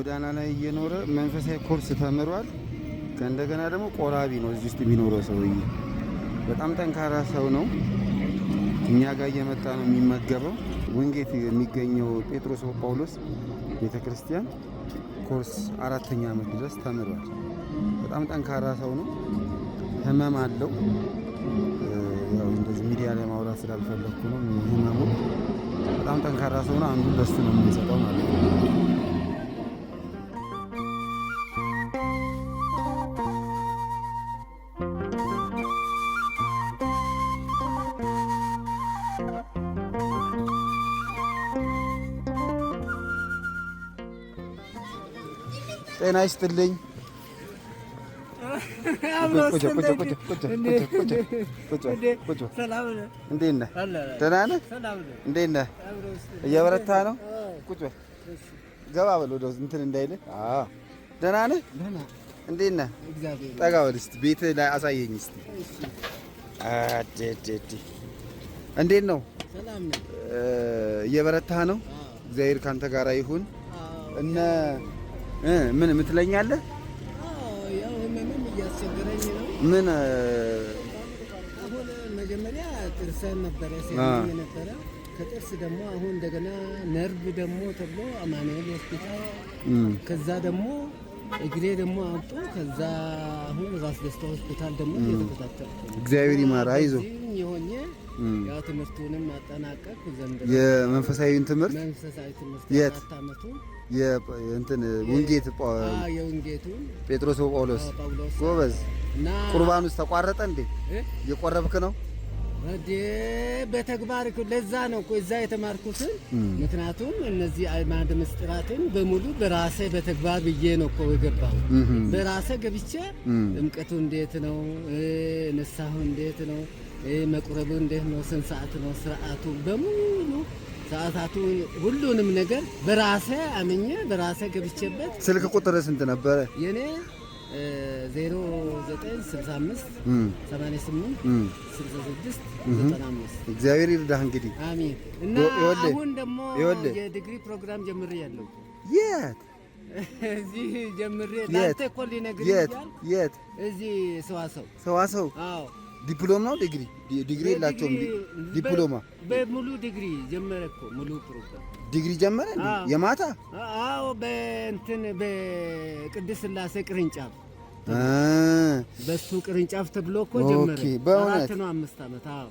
ጎዳና ላይ እየኖረ መንፈሳዊ ኮርስ ተምሯል። እንደገና ደግሞ ቆራቢ ነው። እዚህ ውስጥ የሚኖረው ሰውዬ በጣም ጠንካራ ሰው ነው። እኛ ጋር እየመጣ ነው የሚመገበው። ወንጌት የሚገኘው ጴጥሮስ ጳውሎስ ቤተ ክርስቲያን ኮርስ አራተኛ ዓመት ድረስ ተምሯል። በጣም ጠንካራ ሰው ነው። ህመም አለው። ያው እንደዚህ ሚዲያ ላይ ማውራት ስላልፈለግኩ ነው። ህመሙ በጣም ጠንካራ ሰው ነው። አንዱ ለሱ ነው የምንሰጠው ማለት ነው። ጤና ይስጥልኝ። እንዴት ነህ? ደህና ነህ? እንዴት ነህ? እየበረታ ነው። ቁጭ በል ገባ በል ወደ እንትን እንዳይልህ። ደህና ነህ? እንዴት ነህ? ጠጋ በል እስኪ ቤት ላይ አሳየኝ እስኪ። እንዴት ነው? እየበረታ ነው። እግዚአብሔር ካንተ ጋራ ይሁን እነ ምን ምትለኛለህ? ምን መጀመሪያ ጥርስ ነበረ ነበረ ከጥርስ ደግሞ አሁን እንደገና ነርቭ ደግሞ ተብሎ አማኑኤል ሆስፒታል፣ ከዛ ደግሞ እግሬ ደግሞ አብጦ ከዛ አሁን ራስ ደስታ ሆስፒታል ደግሞ እየተከታተልኩ እግዚአብሔር ይማራ ይዞ ያው ትምህርቱንም አጠናቀቅኩ። ዘንድ የመንፈሳዊን ትምህርት መንፈሳዊ ትምህርት የት አመቱ የእንትን ውንጌት የውንጌቱ ጴጥሮስ ጳውሎስ ጎበዝ። ቁርባን ውስጥ ተቋረጠ እንዴ? እየቆረብክ ነው ወዴ? በተግባር ለዛ ነው እኮ እዛ የተማርኩትን። ምክንያቱም እነዚህ አይማድ ምስጢራትን በሙሉ በራሴ በተግባር ብዬ ነው እኮ የገባው። በራሴ ገብቼ እምቀቱ እንዴት ነው፣ ንስሐው እንዴት ነው መቁረቡ እንዴት ነው? ስንት ሰዓት ነው ስርዓቱ? በሙሉ ሰዓታቱ ሁሉንም ነገር በራሴ አምኜ በራሴ ገብቼበት። ስልክ ቁጥር ስንት ነበረ የኔ? 0965 እግዚአብሔር ይርዳህ እንግዲህ አሚን። እና አሁን ደግሞ የዲግሪ ፕሮግራም ጀምሬ ያለው የት እዚህ ጀምሬ ላንተ እኮ ሊነግርህ የት የት እዚህ ሰዋሰው ሰዋሰው። አዎ ዲፕሎም ነው ዲግሪ ዲግሪ የላቸውም። ዲፕሎማ በሙሉ ዲግሪ ጀመረ እኮ ሙሉ ፕሮግራም ዲግሪ ጀመረ የማታ አዎ፣ በእንትን በቅድስት ስላሴ ቅርንጫፍ በሱ ቅርንጫፍ ተብሎ እኮ ጀመረ። በእውነት አራት ነው አምስት አመት አዎ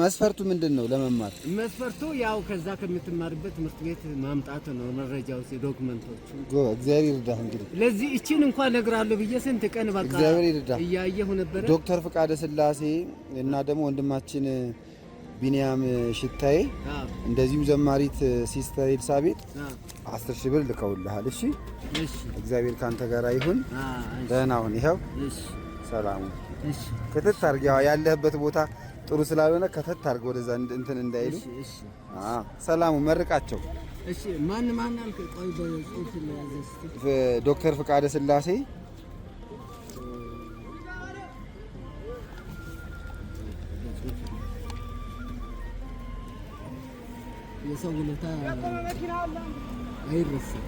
መስፈርቱ ምንድን ነው? ለመማር መስፈርቱ ያው ከዛ ከምትማርበት ትምህርት ቤት ማምጣት ነው። መረጃው ዶክመንቶቹ። እግዚአብሔር ይርዳህ። እንግዲህ ለዚህ እችን እንኳን እነግርሃለሁ ብዬ ስንት ቀን በቃ እግዚአብሔር ይርዳህ እያየሁ ነበረ። ዶክተር ፍቃደ ስላሴ እና ደግሞ ወንድማችን ቢኒያም ሽታዬ እንደዚሁም ዘማሪት ሲስተር ኤልሳቤጥ አስር ሺህ ብር ልከውልሃል። እሺ፣ እግዚአብሔር ካንተ ጋር ይሁን። ደህና ሁን። ይኸው ሰላሙ ክትት አድርጊ ያለህበት ቦታ ጥሩ ስላልሆነ ከተት አድርገው ወደዛ እንትን እንዳይሉ ሰላሙ መርቃቸው። ዶክተር ፍቃደ ስላሴ የሰው ሁኔታ አይረሳም።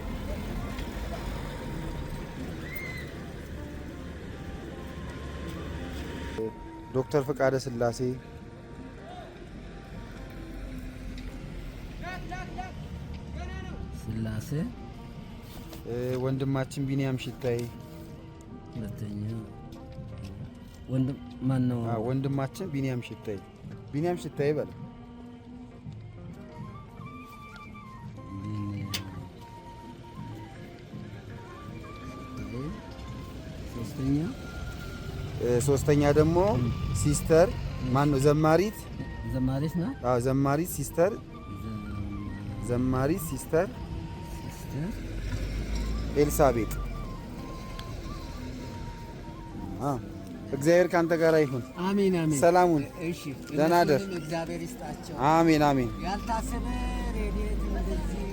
ዶክተር ፍቃደ ስላሴ ስላሴ ወንድማችን ቢኒያም ሽታይ ወንድማችን ቢኒያም ሽታይ ቢኒያም ሽታይ በለ ሶስተኛ ሶስተኛ ደግሞ ሲስተር ማን ነው? ዘማሪት ዘማሪት ነው። አዎ ዘማሪት ሲስተር ዘማሪት ሲስተር ኤልሳቤጥ እግዚአብሔር ካንተ ጋር ይሁን። አሜን አሜን። ሰላሙን እሺ፣ ደህና ደር። አሜን አሜን። ያልታሰበ ሬዲዮ እንደዚህ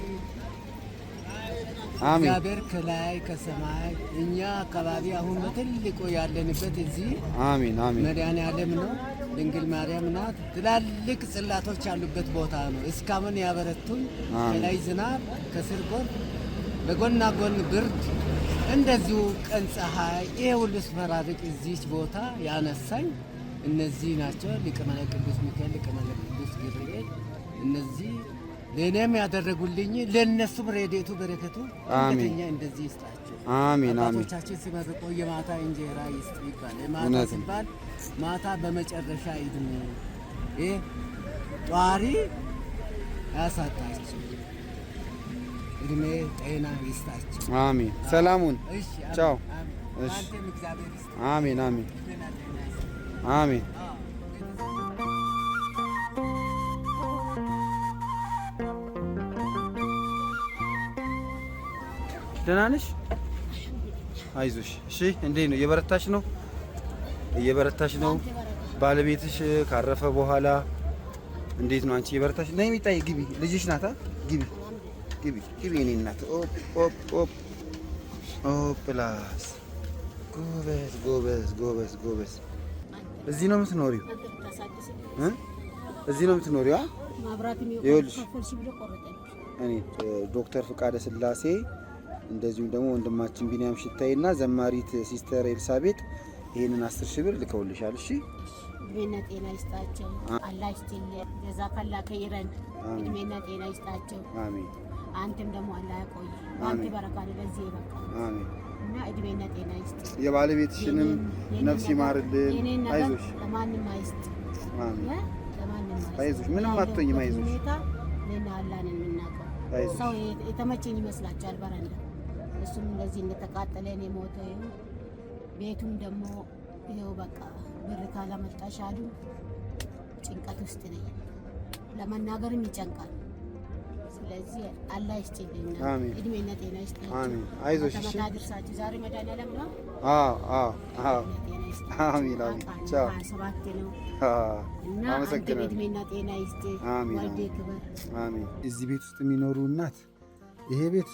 እግዚአብሔር ከላይ ከሰማይ እኛ አካባቢ አሁን በትልቁ ያለንበት እዚህ አሜን አሜን መድኃኔዓለም ነው፣ ድንግል ማርያም ናት። ትላልቅ ጽላቶች ያሉበት ቦታ ነው። እስካሁን ያበረቱን ከላይ ዝናብ፣ ከስር ጎን፣ በጎና ጎን ብርድ፣ እንደዚሁ ቀን ፀሐይ፣ ይሄ ሁሉ ስፈራርቅ እዚች ቦታ ያነሳኝ እነዚህ ናቸው። ሊቀ መላእክት ቅዱስ ሚካኤል፣ ሊቀ መላእክት ቅዱስ ገብርኤል እነዚህ ለእኔም ያደረጉልኝ ለእነሱም ረዴቱ በረከቱ አሜን። እንደዚህ ይስጣቸው። አሜን። አሜን። አባቶቻችን ሲመርቆ የማታ እንጀራ ይስጥ ይባል። ማታ ሲባል ማታ በመጨረሻ ይድኑ ይህ ጧሪ ያሳጣቸው። እድሜ ጤና ይስጣቸው። አሜን። ሰላሙን ቻው። አሜን። አሜን። አሜን። ደህና ነሽ? አይዞሽ። እሺ፣ እንዴት ነው? እየበረታሽ ነው? እየበረታሽ ነው? ባለቤትሽ ካረፈ በኋላ እንዴት ነው? አንቺ እየበረታሽ ነው? የሚጣይ ግቢ፣ ልጅሽ ናታ። ግቢ፣ ግቢ፣ ግቢ። እኔ እናት ኦፕ፣ ኦፕ፣ ኦፕ፣ ኦፕ። ፕላስ ጎበዝ፣ ጎበዝ፣ ጎበዝ፣ ጎበዝ። እዚህ ነው የምትኖሪው? እዚህ ነው የምትኖሪው? ይኸውልሽ እኔ ዶክተር ፍቃደ ስላሴ እንደዚሁም ደግሞ ወንድማችን ቢኒያም ሽታይና ዘማሪት ሲስተር ኤልሳቤጥ ይህንን አስር ሺህ ብር ልከውልሻል። እሺ እድሜና ጤና ይስጣቸው። አላህ ይስጥልን። ገዛ ካላ ከይረን እድሜና ጤና ይስጣቸው። አሜን። አንተም ደግሞ አላህ ያቆይ። አንተ ለዚህ ይበቃ። አሜን። እና እድሜና ጤና ይስጥ። የባለቤትሽንም ነፍስ ይማርልን። አይዞሽ፣ ለማንም አይስጥ። አሜን። ለማንም አይዞሽ፣ ምንም አትሆኝም። አይዞሽ፣ ለና አላህ ነው የምናውቀው። ሰው የተመቸኝ ይመስላችኋል በረንዳ እሱም እንደዚህ እንደተቃጠለ እኔ ሞተ። ቤቱም ደግሞ ይኸው በቃ ብር ካላመጣሽ አሉ። ጭንቀት ውስጥ ነኝ፣ ለመናገርም ይጨንቃል። ስለዚህ አላህ ይስጥልኝ፣ እድሜና ጤና ይስጥልኝ። አይዞሽ አድርሳችሁ ዛሬ መድኃኒዓለም ነው። ነው እና አንተ ጤና ይስጥ፣ ወልዴ ክበር። እዚህ ቤት ውስጥ የሚኖሩ እናት ይሄ ቤት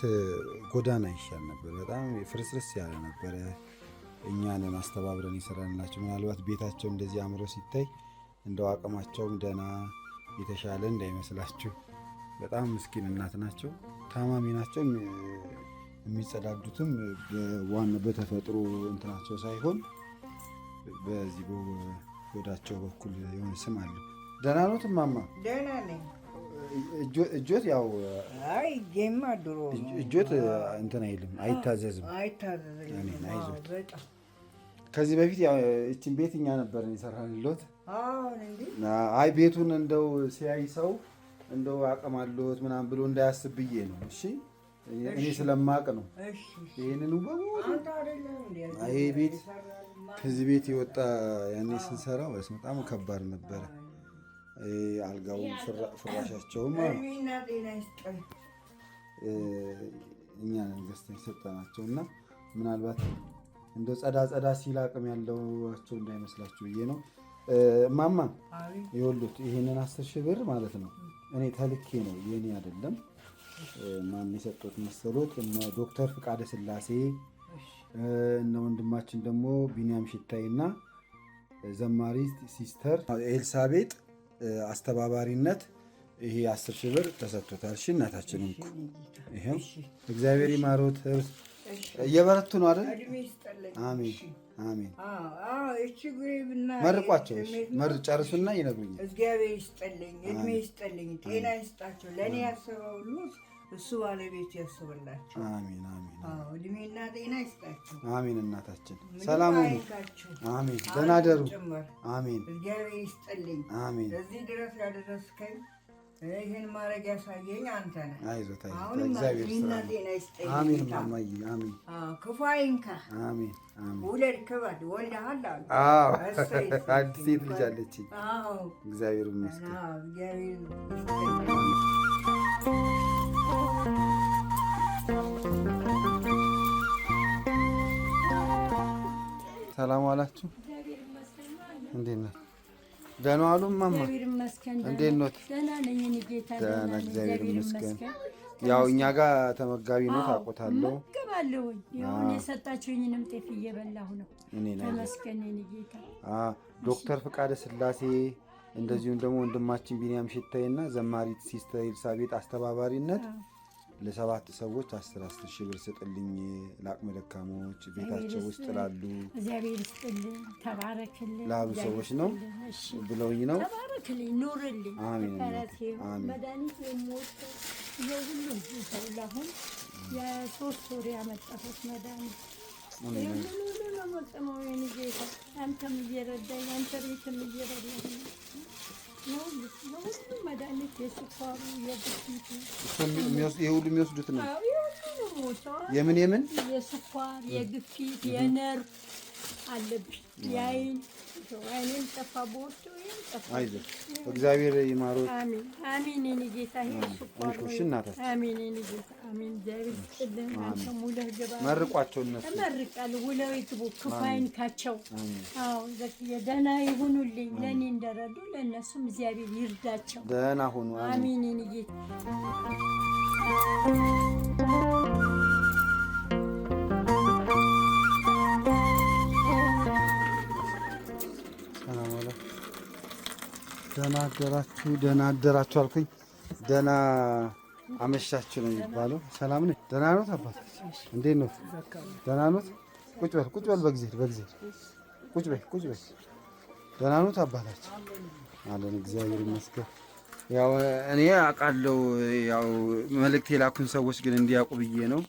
ጎዳና ይሻል ነበር። በጣም ፍርስርስ ያለ ነበረ። እኛን አስተባብረን የሰራንላቸው ምናልባት ቤታቸው እንደዚህ አምሮ ሲታይ እንደው አቅማቸውም ደህና የተሻለ እንዳይመስላችሁ። በጣም ምስኪን እናት ናቸው። ታማሚ ናቸው። የሚጸዳዱትም ዋና በተፈጥሮ እንትናቸው ሳይሆን በዚህ በሆዳቸው በኩል የሆነ ስም አለ። ደህና ነው ትማማ? ደህና ነኝ። እጆት ያው አይ ጌማ ድሮ እጆት እንትን አይልም፣ አይታዘዝም፣ አይታዘዝም። ከዚህ በፊት እችን ቤት እኛ ነበር የሰራንሎት። አይ ቤቱን እንደው ሲያይ ሰው እንደው አቅም አለት ምናምን ብሎ እንዳያስብ ብዬ ነው። እሺ እኔ ስለማቅ ነው ይህንን ይሄ ቤት ከዚህ ቤት የወጣ ያኔ ስንሰራ በጣም ከባድ ነበረ። አልጋውም ፍራሻቸውም እኛ ነን ገዝተን የሰጠናቸው እና ምናልባት እንደ ጸዳ ጸዳ ሲል አቅም ያለዋቸው እንዳይመስላችሁ ብዬ ነው። እማማ የወሉት ይህንን አስር ሺህ ብር ማለት ነው እኔ ተልኬ ነው የኔ አይደለም። ማን የሰጡት መሰሎት? እነ ዶክተር ፍቃደ ስላሴ እነ ወንድማችን ደግሞ ቢኒያም ሽታይና ዘማሪ ሲስተር ኤልሳቤጥ አስተባባሪነት ይሄ አስር ሺህ ብር ተሰጥቶታል። እሺ እናታችን እንኩ ይሄው እግዚአብሔር ይማሮት። እየበረቱ ነው አይደል? አሜን አሜን። መርቋቸው መር ጨርሱና ይነግሩኛል። እግዚአብሔር ይስጠልኝ፣ እድሜ ይስጠልኝ፣ ጤና ይስጣቸው ለእኔ ያሰበው ሁሉ እሱ ባለቤት ያስብላችሁ። አሜን አዎ እድሜና ጤና ይስጣችሁ። አሚን እናታችን ሰላም ይሁንላችሁ። አሜን። ደህና ደሩ። አሜን። እግዚአብሔር ይስጥልኝ። አሜን። እዚህ ድረስ ያደረስከኝ ይህን ማድረግ ያሳየኝ አንተ ነህ። አይዞህ እድሜና ጤና ማማዬ። አዎ ክፉ አይንካ። ውለድ ክበድ። ወልደሃል አሉ። አዎ አዲስ ሴት ልጅ አለችኝ። አዎ እግዚአብሔር ይመስገን። አዎ እግዚአብሔር ሰላም አላችሁ? እንዴት ነው? ደህና ዋሉ እማማ? እንዴት ነው? ደህና እግዚአብሔር ይመስገን። ያው እኛ ጋር ተመጋቢ ነው ታውቁታለሁ። ገባለሁኝ ይሁን የሰጣችሁኝንም ጤፍ እየበላሁ ነው። እኔ ነኝ ተመስገን ጌታ። ዶክተር ፍቃደ ስላሴ እንደዚሁም ደግሞ ወንድማችን ቢኒያም ሽታዬና ዘማሪት ሲስተር ኤልሳቤጥ አስተባባሪነት ለሰባት ሰዎች አስር አስር ሺህ ብር ስጥልኝ፣ ለአቅመ ደካሞች ቤታቸው ውስጥ ላሉ እግዚአብሔር ይስጥልኝ፣ ተባረክልኝ ላሉ ሰዎች ነው ብለውኝ ነው። ተባረክልኝ፣ ኑርልኝ። መድኃኒት የሶስት ወር ያመጣሁት መድኃኒት ሁሉ ነው መጠመው ጌታ አንተም እየረዳኝ አንተ ቤትም እየረዳኝ Yavuz, Yavuz bilmedi anne kesip sarıyor yapışmış. Sen bilmiyorsun, iyi bilmiyorsun ናቸው። አይኔም ጠፋ በወጡ እግዚአብሔር ይማሮት። አሜን አሜን። እኔ ጌታ ይሽቆሽ እናታ። አሜን እኔ ጌታ አሜን። እግዚአብሔር ይስጥልን። አንተም ውለህ ግባ። መርቋቸው እነሱ ተመርቃል። ውለው ይግቡ። ክፋይንካቸው። አዎ ዘክዬ ደህና ይሁኑልኝ። ለእኔ እንደረዱ ለእነሱም እግዚአብሔር ይርዳቸው። ደህና ሁኑ። አሜን እኔ ጌታ ደህና አደራችሁ፣ ደህና አደራችሁ አልኩኝ። ደህና አመሻችሁ ነው የሚባለው። ሰላም ነኝ። ደህና ኖት? አባት እንዴት ነው? ደህና ኖት? ቁጭ በል ቁጭ በል፣ በእግዚአብሔር በእግዚአብሔር ቁጭ በል ቁጭ በል። ደህና ኖት አባታችን? አለን እግዚአብሔር ይመስገን። ያው እኔ አውቃለሁ። ያው መልእክት የላኩን ሰዎች ግን እንዲያውቁ ብዬ ነው።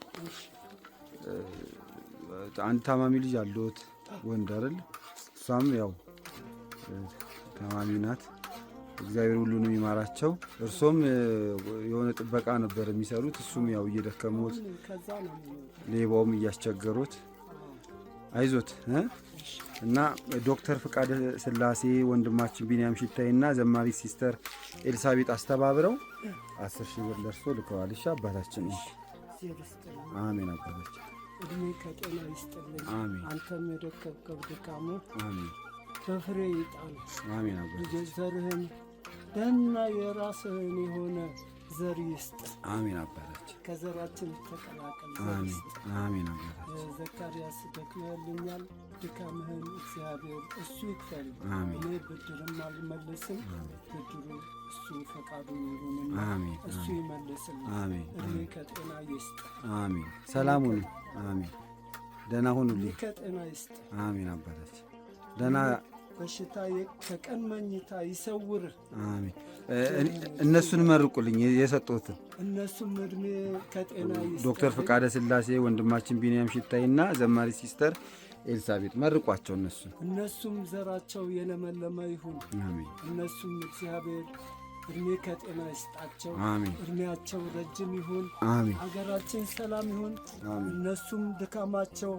አንድ ታማሚ ልጅ አለሁት ወንድ አይደል? እሷም ያው ታማሚ ናት። እግዚአብሔር ሁሉንም ይማራቸው። እርሶም የሆነ ጥበቃ ነበር የሚሰሩት፣ እሱም ያው እየደከሙት፣ ሌባውም እያስቸገሩት አይዞት እና ዶክተር ፍቃደ ስላሴ ወንድማችን ቢንያም ሽታይ እና ዘማሪ ሲስተር ኤልሳቤጥ አስተባብረው አስር ሺህ ብር ደርሶ ልከዋል። እሺ አባታችን፣ አሜን አባታችን፣ እድሜ ከጤና ይስጥልኝ። አንተም የደከብከው ድካሙ በፍሬ ይጣል። አሜን አባታችን። ደህና የራስህን የሆነ ዘር ይስጥ። አሜን አባታች ከዘራችን ተቀላቀል። አሜን አባታች ዘካርያስ ደክመህልኛል፣ ድካምህን እግዚአብሔር እሱ ይክፈል። እኔ ብድርም አልመልስም፣ ብድሩ እሱ ፈቃዱ ይሁንና እሱ ይመልስል። እድሜ ከጤና ይስጥ። አሜን። ሰላሙን አሜን። ደህና ሁኑልኝ። ከጤና ይስጥ። አሜን አባታች ደህና በሽታ ከቀን መኝታ ይሰውርህ። አሜን። እነሱን መርቁልኝ የሰጡትን እነሱም እድሜ ከጤና ዶክተር ፍቃደ ስላሴ ወንድማችን ቢንያም ሽታይና ዘማሪ ሲስተር ኤልሳቤጥ መርቋቸው። እነሱ እነሱም ዘራቸው የለመለመ ይሁን። እነሱም እግዚአብሔር እድሜ ከጤና ይስጣቸው። እድሜያቸው ረጅም ይሁን። ሀገራችን ሰላም ይሁን። እነሱም ድካማቸው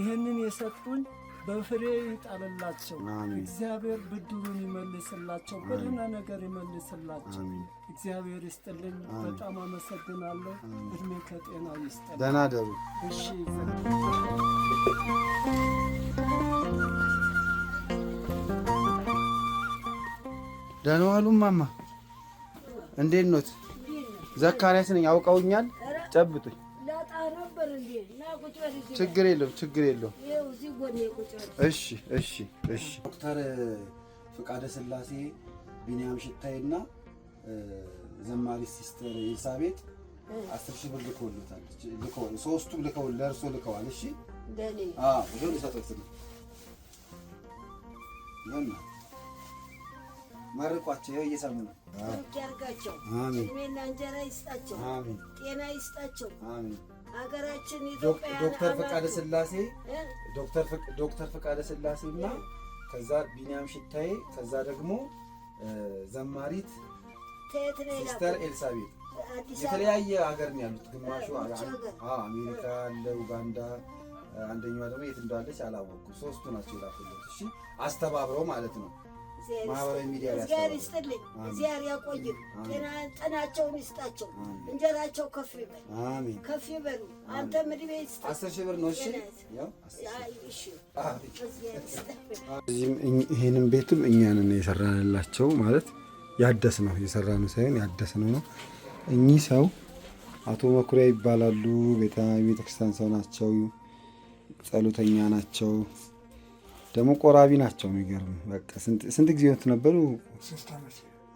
ይህንን የሰጡኝ። በፍሬ ይጣልላቸው። እግዚአብሔር ብድሩን ይመልስላቸው፣ በደህና ነገር ይመልስላቸው። እግዚአብሔር ይስጥልኝ። በጣም አመሰግናለሁ። እድሜ ከጤና ይስጠል። ደህና ደሩ። እሺ ደህና ዋሉ ማማ። እንዴት ኖት? ዘካርያስ ነኝ። አውቀውኛል? ጨብጡኝ። ችግር የለውም፣ ችግር የለውም እሺ እሺ እሺ። ዶክተር ፍቃደ ስላሴ ቢኒያም ሽታይና ዘማሪ ሲስተር ኤልሳቤጥ አስር ሺህ ብር ልከውልታል። ሶስቱም ልከው ለእርሶ ልከዋል። እሺ መርቋቸው ይኸው እየሰሙ ነው። ያርጋቸው። እድሜና እንጀራ ይስጣቸው። ጤና ይስጣቸው። ዶክተር ፈቃደ ስላሴ ዶክተር ፈቃደ ስላሴ እና ከዛ ቢኒያም ሽታዬ ከዛ ደግሞ ዘማሪት ሲስተር ኤልሳቤጥ የተለያየ ሀገር ነው ያሉት። ግማሹ አሜሪካ አለ፣ ኡጋንዳ አንደኛዋ ደግሞ የት እንዳለች አላወቅኩም። ሶስቱ ናቸው የላኩለት። እሺ አስተባብረው ማለት ነው። ማህበራዊ ሚዲያ እግዚአብሔር ይስጥልኝ፣ እግዚአብሔር ያቆይህ፣ ጤናቸውን ይስጣቸው፣ እንጀራቸው ከፍ ይበል፣ ከፍ ይበሉ። አንተ ምድቤ ይስጥ። አስር ሺህ ብር ነው። እሺ፣ እዚህም ይህንም ቤትም እኛንን የሰራንላቸው ማለት ያደስ ነው የሰራነው ሳይሆን ያደስ ነው ነው። እኚህ ሰው አቶ መኩሪያ ይባላሉ። ቤተክርስቲያን ሰው ናቸው፣ ጸሎተኛ ናቸው። ደግሞ ቆራቢ ናቸው። የሚገርም ስንት ጊዜ ነበሩ?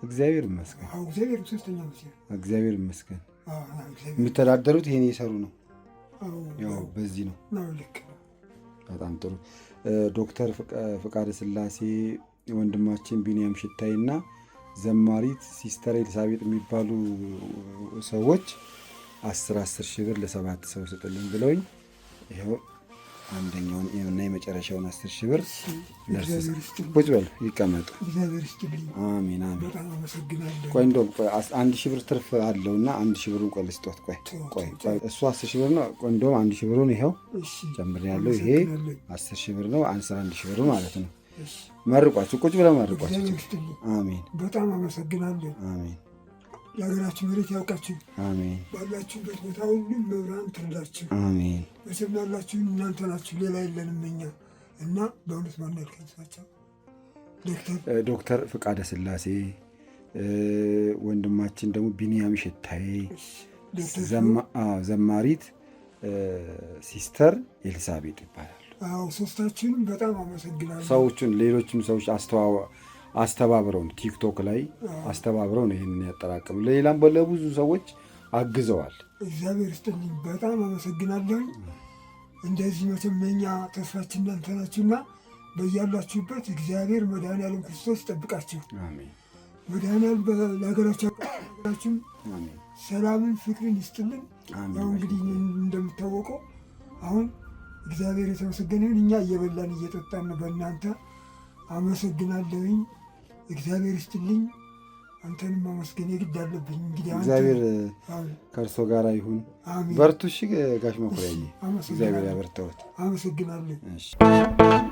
እግዚአብሔር ይመስገን፣ እግዚአብሔር ይመስገን። የሚተዳደሩት ይሄን እየሰሩ ነው። ያው በዚህ ነው። በጣም ጥሩ። ዶክተር ፍቃደ ስላሴ ወንድማችን ቢንያም ሽታይ እና ዘማሪት ሲስተር ኤልሳቤጥ የሚባሉ ሰዎች አስር አስር ሺህ ብር ለሰባት ሰው ስጥልን ብለውኝ አንደኛውን እና የመጨረሻውን አስር ሺህ ብር ቁጭ በል ይቀመጡ። አሜን አሜን። ቆይ እንደውም አንድ ሺህ ብር ትርፍ አለው እና አንድ ሺህ ብሩን ቆይ ልስጦት። ቆይ ቆይ እሱ አስር ሺህ ብር ነው። ቆይ እንደውም አንድ ሺህ ብሩን ይኸው ጨምር ያለው ይሄ አስር ሺህ ብር ነው። አንስር አንድ ሺህ ብር ማለት ነው። መርቋቸው ቁጭ ብለ መርቋቸው። አሜን ለሀገራችን መሬት ያውቃችሁ። ባላችሁበት ቦታ ሁሉም መብርሃን ትርዳችሁ። መቼም ያላችሁ እናንተ ናችሁ፣ ሌላ የለንም እኛ እና በእውነት ማናል ያልከንሳቸው ዶክተር ፍቃደ ስላሴ ወንድማችን ደግሞ ቢንያም ሽታዬ ዘማሪት ሲስተር ኤልሳቤጥ ይባላሉ። ሶስታችንም በጣም አመሰግናለሁ። ሰዎቹን ሌሎችም ሰዎች አስተዋ አስተባብረው ነው ቲክቶክ ላይ አስተባብረው ነው ይህንን ያጠራቅም ለሌላም ለብዙ ሰዎች አግዘዋል። እግዚአብሔር ይስጥልኝ፣ በጣም አመሰግናለሁኝ። እንደዚህ መተመኛ ተስፋችን እናንተ ናችሁና በያላችሁበት እግዚአብሔር መድኃኒዓለም ክርስቶስ ይጠብቃችሁ። መድኃኒዓለም ለሀገራችን ሰላምን፣ ፍቅርን ይስጥልን። ያው እንግዲህ እንደምታወቀው አሁን እግዚአብሔር የተመሰገነውን እኛ እየበላን እየጠጣን በእናንተ አመሰግናለሁኝ። እግዚአብሔር ይስጥልኝ። አንተንም ማመስገን የግድ አለብኝ። እንግዲህ እግዚአብሔር ከእርሶ ጋር ይሁን። በርቱ። እሺ ጋሽ መኩሪያ፣ እግዚአብሔር ያበርታዎት። አመሰግናለሁ።